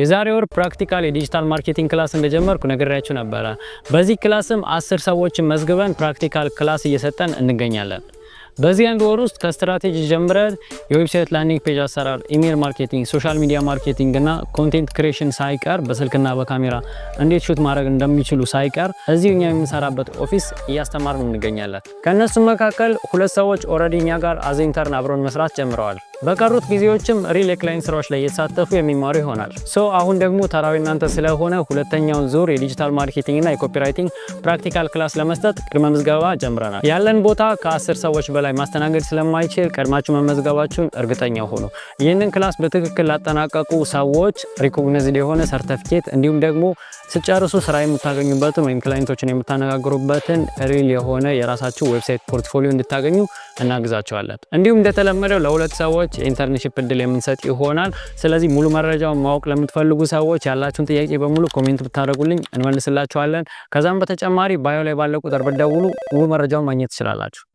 የዛሬ ወር ፕራክቲካል የዲጂታል ማርኬቲንግ ክላስ እንደጀመርኩ ነግሬያችሁ ነበረ። በዚህ ክላስም አስር ሰዎችን መዝግበን ፕራክቲካል ክላስ እየሰጠን እንገኛለን። በዚህ አንድ ወር ውስጥ ከስትራቴጂ ጀምረን የዌብሳይት ላንዲንግ ፔጅ አሰራር፣ ኢሜል ማርኬቲንግ፣ ሶሻል ሚዲያ ማርኬቲንግ እና ኮንቴንት ክሬሽን ሳይቀር በስልክና በካሜራ እንዴት ሹት ማድረግ እንደሚችሉ ሳይቀር እዚህ እኛ የምንሰራበት ኦፊስ እያስተማርን እንገኛለን። ከነሱ መካከል ሁለት ሰዎች ኦልሬዲ እኛ ጋር አዘ ኢንተርን አብረን መስራት ጀምረዋል። በቀሩት ጊዜዎችም ሪል የክላይንት ስራዎች ላይ እየተሳተፉ የሚማሩ ይሆናል። ሶ አሁን ደግሞ ተራዊ እናንተ ስለሆነ ሁለተኛውን ዙር የዲጂታል ማርኬቲንግ እና የኮፒራይቲንግ ፕራክቲካል ክላስ ለመስጠት ቅድመ ምዝገባ ጀምረናል። ያለን ቦታ ከአስር ሰዎች በላይ ማስተናገድ ስለማይችል ቀድማችሁ መመዝገባችሁን እርግጠኛ ሆኑ። ይህንን ክላስ በትክክል ላጠናቀቁ ሰዎች ሪኮግናይዝድ የሆነ ሰርተፊኬት እንዲሁም ደግሞ ስጨርሱ ስራ የምታገኙበትን ወይም ክላይንቶችን የምታነጋግሩበትን ሪል የሆነ የራሳችሁ ዌብሳይት ፖርትፎሊዮ እንድታገኙ እናግዛቸዋለን። እንዲሁም እንደተለመደው ለሁለት ሰዎች ሰዎች የኢንተርንሽፕ እድል የምንሰጥ ይሆናል። ስለዚህ ሙሉ መረጃውን ማወቅ ለምትፈልጉ ሰዎች ያላችሁን ጥያቄ በሙሉ ኮሜንት ብታደርጉልኝ እንመልስላችኋለን። ከዛም በተጨማሪ ባዮ ላይ ባለ ቁጥር ሙሉ መረጃውን ማግኘት ትችላላችሁ።